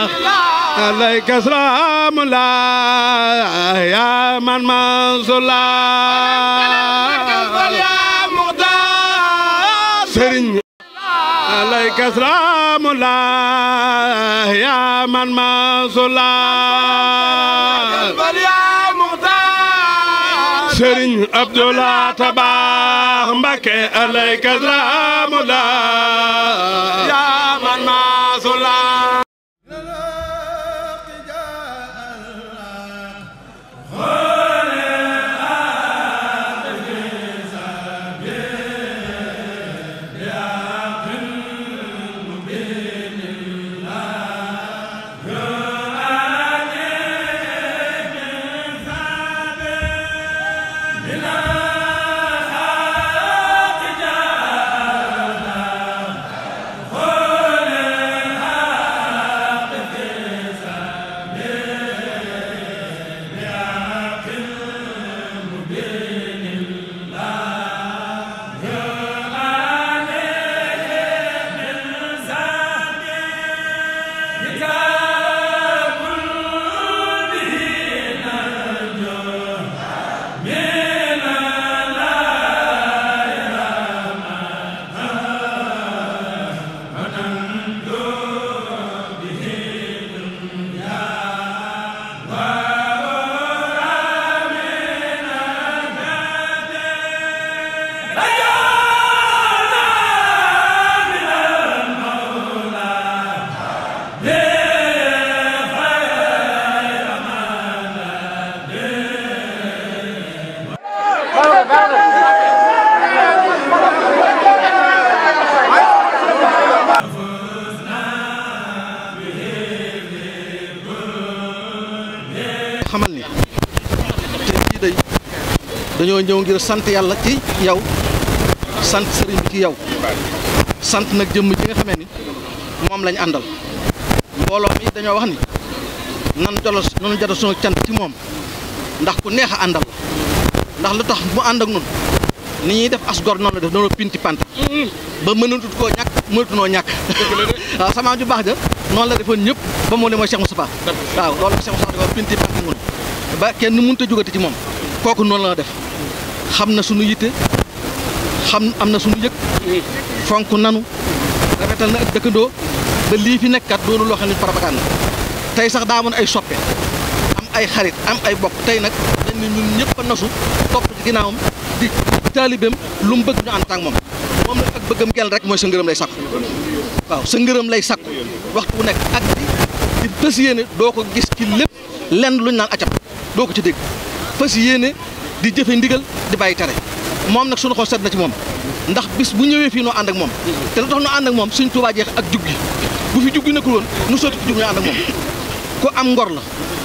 alayka salaam la ya man mansula ya muqtaar Serigne alayka salaam la ya man mansula ya muqtaar Serigne Abdoulaye Tabax Mbacké alayka salaam la Lila. dañu ñëw ngir sant yalla ci yow sant sëriñ ci yow sant nak jëm ci nga xamé ni mom lañ andal mbolo mi dañu wax ni nan jolos nonu jota suñu cant ci mom ndax ku neex andal ndax lutax tax mu ànd ak nun ni ñi def asgor nonu def nonu pinti pant ba mënatut ko ñak mënatunoo no ñak sama ju bax ja non la defon ñep ba mo ne mo Cheikh Moustapha waaw lolu Cheikh Moustapha pinti pant ba kenn mënut a jógati ci mom koku non la def xam na suñu yitte xam am na suñu yëg fonk nanu rafetal na ak dëkkandoo ba lii fi nekkat doo loo xam ne propagande tey sax daa amoon ay soppe am ay xarit am ay bokk tey nag dañ ne ñun ñëpp a nosu topp ci ginnaawam di taalibeem lu mu bëgg ñu ànd ak moom moom nag ak bëggam genn rek mooy sa ngërëm lay sakku waaw sa ngërëm lay sakku waxtu wu nekk ak di fas yéene doo ko gis ci lépp lenn luñ naan acam doo ko ci dégg fas yéene di jëfe ndigal di bàyyi tere moom nag suñu xol set na ci moom ndax bis bu ñëwee fii noo ànd ak moom te la tax noo ànd ak moom suñ Tuubaa ak jub gi bu fi jug gi nekkul woon nu sotti jug ñoo ànd ak moom ku am ngor la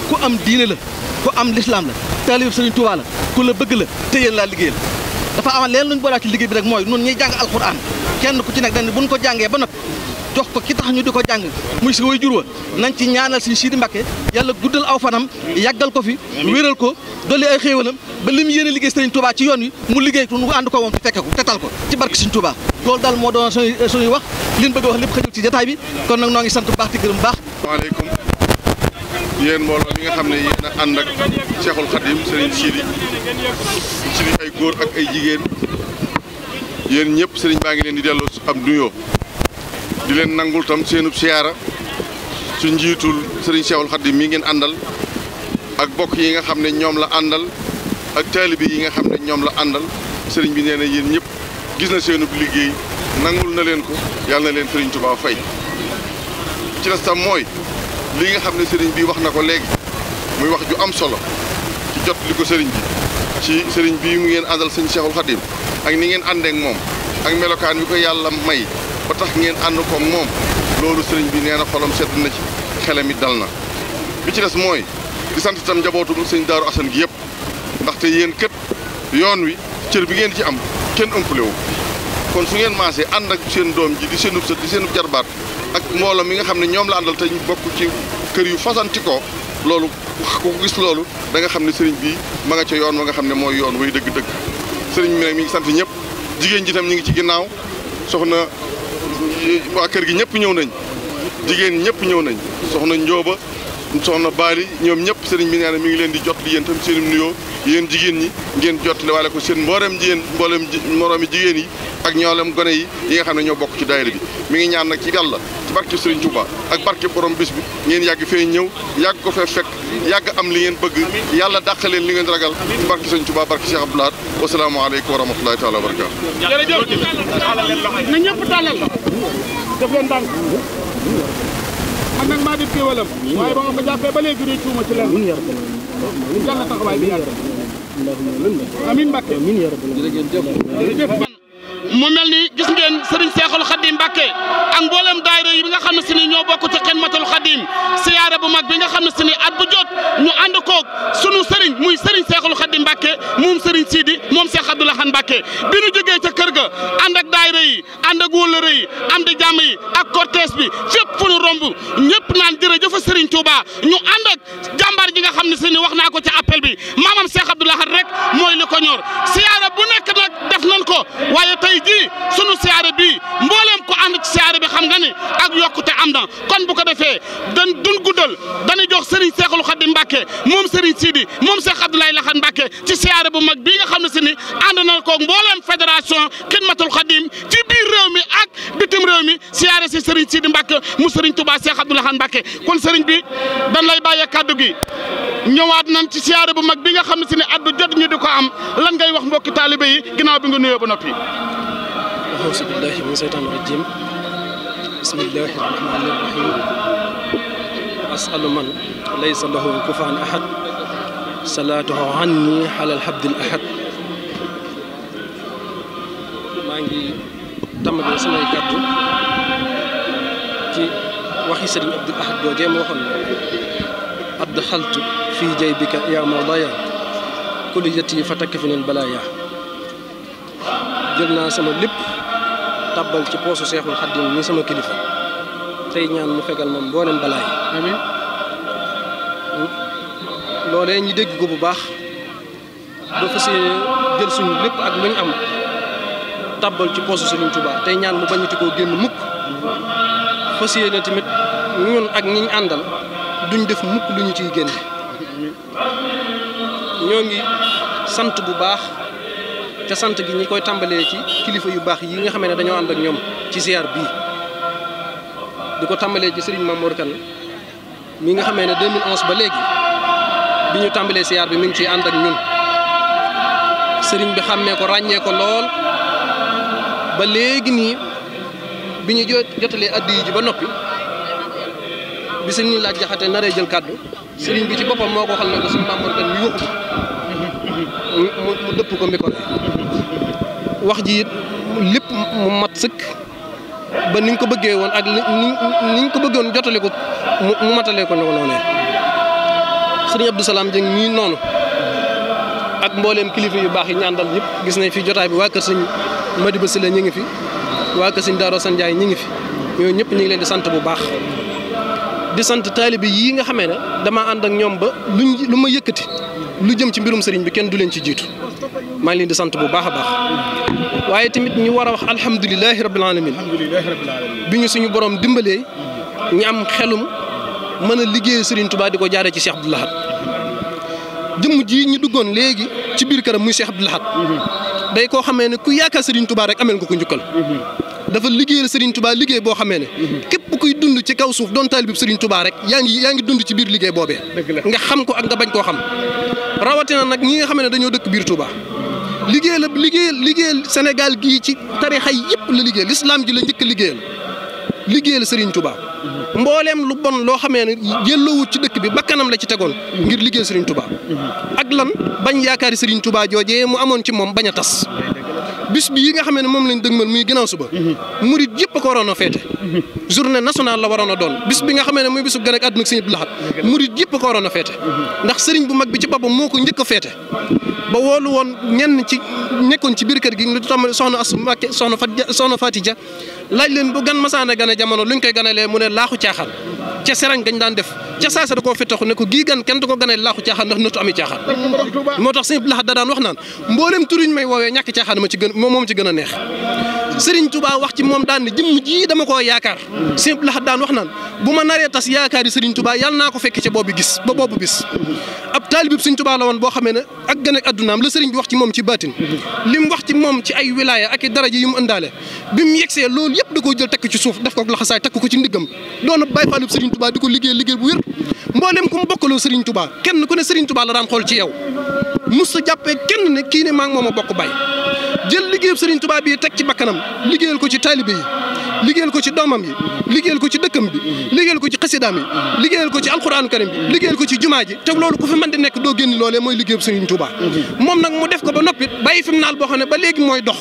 ku am diine la ku am lislaam la taalib sëriñ Tuubaa la ku la bëgg la te yéen laa liggéeyal dafa amal leen luñ boolaa ci liggéey bi rek mooy nun ñuy jàng alxuraan kenn ku ci nekk bu ñu ko jàngee ba nopp jox ko ki tax ñu di jang muy si way jurwa nañ ci ñaanal suñu Sidi Mbacke yalla guddal aw fanam yagal ko fi wëral ko doli ay xewalam ba lim yene liggéey Serigne Touba ci yoon wi mu liggey ko nu and ko moom fekk ko tetal ko ci barke Serigne Touba lol dal mo doon suñu wax liñ bëgg wax lepp xëjul ci jotaay bi kon nak noongi sant bu baax di gërëm bu baax waaleykum yéen mi nga xamne ne and ak Cheikhul Khadim Serigne Sidi ci ay goor ak ay jigen yéen ñepp Serigne baa ngi leen di delloo xam nuyoo di leen nangul tam seenub siyaara ci njiitul Serigne Cheikhul Khadim mi ngeen àndal ak bokk yi nga xam ne ñoom la àndal ak taalibe yi nga xam ne ñoom la àndal sëriñ bi nee na yéen ñëpp gis na seenub liggéey nangul na leen ko yàlla na leen Serigne Touba fay ci la tam mooy li nga xam ne sëriñ bi wax na ko léegi muy wax ju am solo ci jot li ko sëriñ bi ci sëriñ bi mu ngeen àndal sëñ Cheikhul Khadim ak ni ngeen àndeek moom ak melokaan wi ko yàlla may ba tax ngeen ànd ko moom loolu sëriñ bi nee na xolam sedd na ci xelam it dal na bi ci des mooy di sant itam njabootu sëñ Daaru Asan gi yëpp ndaxte yéen kët yoon wi cër bi ngeen ci am kenn ëmpale wu kon su ngeen maasee ànd ak seen doom ji di seenub sët di seenub jarbaat ak mbooloo mi nga xam ne ñoom la àndal te ñu bokk ci kër yu fasanti ko loolu ku gis loolu da nga xam ne sëriñ bi ma nga ca yoon wa nga xam ne mooy yoon way dëgg-dëgg sëriñ bi nag mi ngi sant ñëpp jigéen ji tam ñu ngi ci ginnaaw waa kër gi ñëpp ñëw nañ jigéen ñëpp ñëw nañ soxna Njóoba soxna Baali ñoom ñëpp sëriñ bi nee na mi ngi leen di jot li yéen tam seen nuyoo yéen jigéen ñi ngeen jot li waale ko seen mboolem jigéen mboolem moroomi jigéen yi ak ñoo ñoolem gone yi yi nga xam ne ñoo bokk ci daayira bi mi ngi ñaan nag ci yàlla ci barke Sëriñ Tuuba ak barke borom bis bi ngeen yàgg fee ñëw yàgg ko fee fekk yàgg am li ngeen bëgg yàlla leen li ngeen ragal ci barke Sëriñ Tuuba barke Cheikh Abdoulaye wasalaamaaleykum wa rahmatulahi taala wa barakaatu def leen ndànk man nag maa def kéwalam waaye ba ma ko jàppee ba léegi rëccu ma ci lenn yàlla taxawaay bi yàgg amiin mu mel ni gis ngeen Serigne Seexul Xadim Mbàkke ak mboolem daayira yi nga xam ne si ni ñoo bokk ci Xidmatul Xadim siyaare bu mag bi nga xam ne si ni at bu jot ñu ànd koog sunu Serigne muy Serigne Seexul Xadim Mbàkke moom Serigne Sidi moom Seex Abdou Lahad Mbàkke bi nu jógee ca kër ga ànd ak daayira yi ànd ak wóllëre yi am di jàmm yi ak cortège bi fépp fu nu romb ñëpp naan jërëjëf Serigne Touba ñu ànd ak jàmbaar ji nga xam ne si ni wax naa ko ci appel bi maamam Seex Abdou Lahad rek mooy li ko ñor ko waye tay ji sunu siyaare bi mbollem ko ànd ci siyaare bi xam nga ni ak yokute am na kon bu ko defee dan dun guddal dañ jox Serigne cheikhul Xadim mbake mom Serigne Sidi mom cheikh Abdoulaye Laxan mbake ci siyaare bu mag bi nga xam ne si ni ànd na ko mbollem fédération khidmatul khadim ci mi ak bitim réew mi siyaare si Serigne Sidi Mbacke mu Serigne Touba Cheikh Abdou Lahad Mbacke kon Serigne bi dañ lay bàyyee kàddu gi ñëwaat nañ ci siyaare bu mag bi nga xam ne si ne at bu jot ñu di ko am lan ngay wax mbokki taalibe yi ginnaaw bi nga nuyoo ba noppi. auzu billahi min seytaani rajim bismillahi rahmaani rahim asalu man laysa lahu kufaan ahad salaatuhu anni alal abdil ahad maa ngi sumay samay kaddu ci waxi Abdul Ahad boojee moo xam ne adda xaltu fii jay bika yaa mawlaaya kulli yi fa takk fi neen balaaya jël naa sama lépp tàbbal ci poosu seexul xaddim ni sama kilifa tey ñaan mu fegal moom mboolem balaay amiin loolee ñu dégg ko bu baax doo fas jël suñu lépp ak lu ñu am tàbbal ci poosu Serigne Touba tey ñaan mu bañati koo génn mukk fas yéene tamit ñun ak ñiñ àndal duñ def mukk lu ñu ciy génne ñoo ngi sant bu baax te sant gi ñi koy tàmbalee ci kilifa yu baax yi nga xame ne dañoo ànd ak ñoom ci ziar bii di ko tàmbalee ci Serigne Mamour Kane mi nga xamee ne 2011 ba léegi bi ñu tàmbalee ziar bi mi ngi ciy ànd ak ñun Serigne bi xàmmee ko ràññee ko lool. ba léegi ni biñu jotale jotalee addi ji ba nopi bi sëriñ laaj jaxate naree jël kaddu sëriñ bi ci bopam moko xal na ko suñu mamour tan ñu waxu mu mu dëpp ko micro wax ji lepp mu mat seuk ba niñ ko bëggee won ak niñ ko bëggee jotale ko mu matalee ko noonu noonee sëriñ Abdou salam ni ak kilifa yu bax yi ñandal ñep gis nañ fi jotay bi wa kër Madiba Sylla ñi ngi fi waa Kër Sëñ Daaru San Njaay ñi ngi fi ñooñu ñëpp ñu leen di sant bu baax di sant taalibe yii nga xamee na dama ànd ak ñoom ba luñ lu ma yëkkati lu jëm ci mbirum sëriñ bi kenn du leen ci jiitu maa ngi leen di sant bu baax a baax waaye tamit ñu war a wax alhamdulilahi rabbil alamin bi ñu suñu boroom dimbalee ñu am xelum mën a liggéey sëriñ Tuubaa di ko jaaree ci Cheikh bu Ahad jëmm ji ñu duggoon léegi ci biir këram muy Cheikh Abdoul Ahad day koo xamee ne ku yaakaar Serigne Touba rek amel nga ko njukkal dafa liggéeyal Serigne Touba liggéey boo xamee ne képp kuy dund ci kaw suuf doon taalib Serigne Touba rek yaa ngi yaa ngi dund ci biir liggéey boobee nga xam ko ak nga bañ koo xam rawatina nag ñi nga xam ne dañoo dëkk biir Touba liggéeyal liggéeyal liggéeyal Sénégal gii ci tarixa yëpp la liggéeyal lislaam ji la njëkk liggéeyal liggéeyal Serigne Touba mbooleem lu bon loo xamee ne yëlloowut ci dëkk bi bakkanam la ci tegoon ngir liggéeyal Serigne tubaab ak lan bañ yaakaari Serigne Touba joojee mu amoon ci moom bañ a tas bis bi yi nga xamee ne moom lañ dëgmal muy ginnaaw suba murit yëpp ko waroon a feete journée nationale la waroon a doon bis bi nga xamee ne muy bisu gën ak àdduna ak Serigne Abdou Lahad murit yëpp ko waroon a feete ndax Serigne bu mag bi ci boppam moo ko njëkk a feete ba woolu woon ñenn ci nekkoon ci biir kër gi lu tam soxna Asu Mbàkke soxna Fat soxna Fatija laaj leen bu gan masaana gane jamono luñ koy ganelee mu ne laaxu caaxaan ca serañ gañ daan def ca saasa da koo fi tax ne ko gii gan kenn du ko ganee laaxu caaxaan ndax nootu ami caaxaan moo tax sëñ Abdou da daan wax naan mboolem turiñ may woowee ñàkk caaxaan ma ci gën moom ci gën a neex Serigne tubaa wax ci moom daan ne jëmm jii dama ko yaakaar simple laxat daan wax naan bu ma naree tas yaakaar yi Serigne Touba yàlla naa ko fekk ci boobu gis ba boobu bis ab taalib Serigne Touba la woon boo xamee ne ak gën ak addunaam la Serigne bi wax ci moom ci baatin lim wax ci moom ci ay wilaya ak i daraja yu mu ëndaale bi mu yegsee loolu yëpp da koo jël tekk ci suuf def ko laxasaay takk ko ci ndiggam doona bàyyi faalub Serigne Touba di ko liggéey liggéey bu wér mboolem ku mu bokkaloo Serigne kenn ku ne Serigne Touba la daan xool yow mus kenn ne kii ne maa moom bokk bay jël liggéeyub Serigne Touba bii teg ci bakkanam liggéeyal ko ci taalibe yi liggéeyal ko ci doomam yi liggéeyal ko ci dëkkam bi liggéeyal ko ci xasidaam yi liggéeyal ko ci alxuraanu karim bi liggéeyal ko ci jumaa ji te loolu ku fi mën di nekk doo génn loole mooy liggéeyub Serigne Touba mm-hmm. moom nag mu def ko ba noppi bàyyi fi mu naal boo xam ne ba léegi mooy dox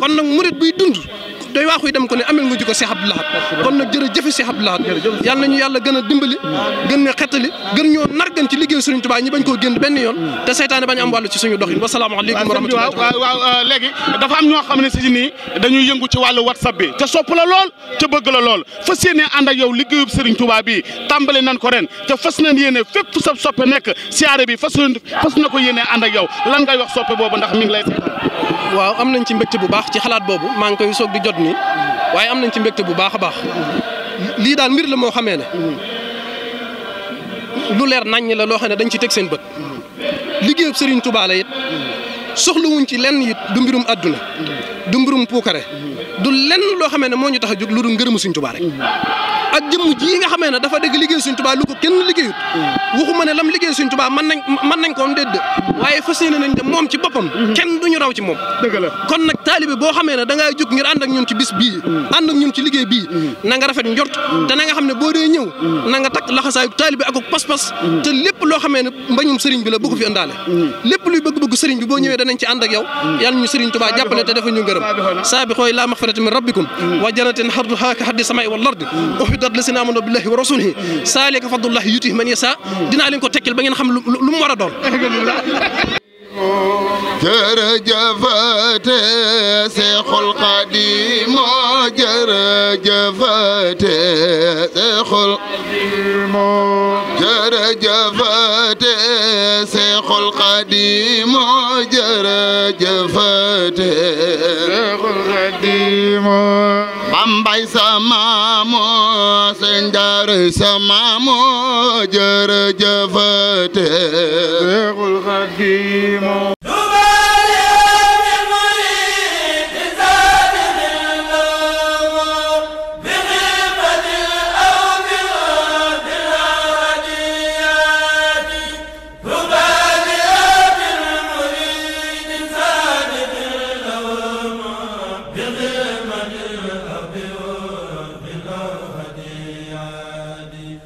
kon nag murit buy dund doy waaxu yi dem ko ni amel nga jikko Cheikh Abdou Lahad kon na nag jërëjëf Cheikh Abdou Lahad yàlla ñu yàlla gën a dimbali gën ñu xettali gën ñoo nar gën ci liggéey Serigne Touba ñi bañ koo génn benn yoon mm. te seytaane bañ am wàllu ci suñu doxin wasalaamaaleykum wa rahmatulah waaw waaw léegi dafa am ñoo xam ne si nii dañuy yëngu ci wàllu whatsapp bi te sopp la lool te bëgg la lool fas yéene ànd ak yow liggéeyub Serigne Touba bi tàmbali nan ko ren te fas nañ yéene fépp fu sa soppe nekk siyaare bi fas fas na ko yéene ànd ak yow lan ngay wax soppe boobu ndax mi ngi lay waaw am nañ ci mbégte bu baax ci xalaat boobu maa ngi koy soog di jot nii waaye am nañ ci mbégte bu baax a baax lii daal mbir la moo xamee ne lu leer naññ la loo xam ne dañ ci teg seen bët liggéeyub sëriñ Touba la it soxlawuñ ci lenn it du mbirum àdduna du mbirum puukare du lenn loo xamee ne moo ñu tax a jóg lu dul ngërëmu Serigne Touba rek ak jëmm ji nga xamee ne dafa dégg liggéey Sëriñ Tuubaa lu ko kenn liggéeyut waxuma ne lam liggéey Sëriñ Tuubaa mën nañ mën nañ koom dédd waaye fas yéene nañ de moom ci boppam kenn duñu raw ci moom kon nag taalibe boo xamee ne da ngaa jóg ngir ànd ñun ci bis bii ànd ñun ci liggéey bii na nga rafet njort te na xam ne boo dee ñëw na nga takk laxasaayu taalibe ak pas-pas te lépp loo xamee ne mbañum sëriñ bi la fi ëndaale lépp luy bëgg-bëgg sëriñ boo قد لسنا من بالله ورسوله سالك فضل الله يتيه من يسا دينا علم كو تكل باغي نخم لوم ورا دون سيخ القديم جر جفت سيخ القديم جر جفت سيخ القديم جر جفت سيخ القديم Bambay sa maamu Sëñ Daaru sa maamu jërëjëfate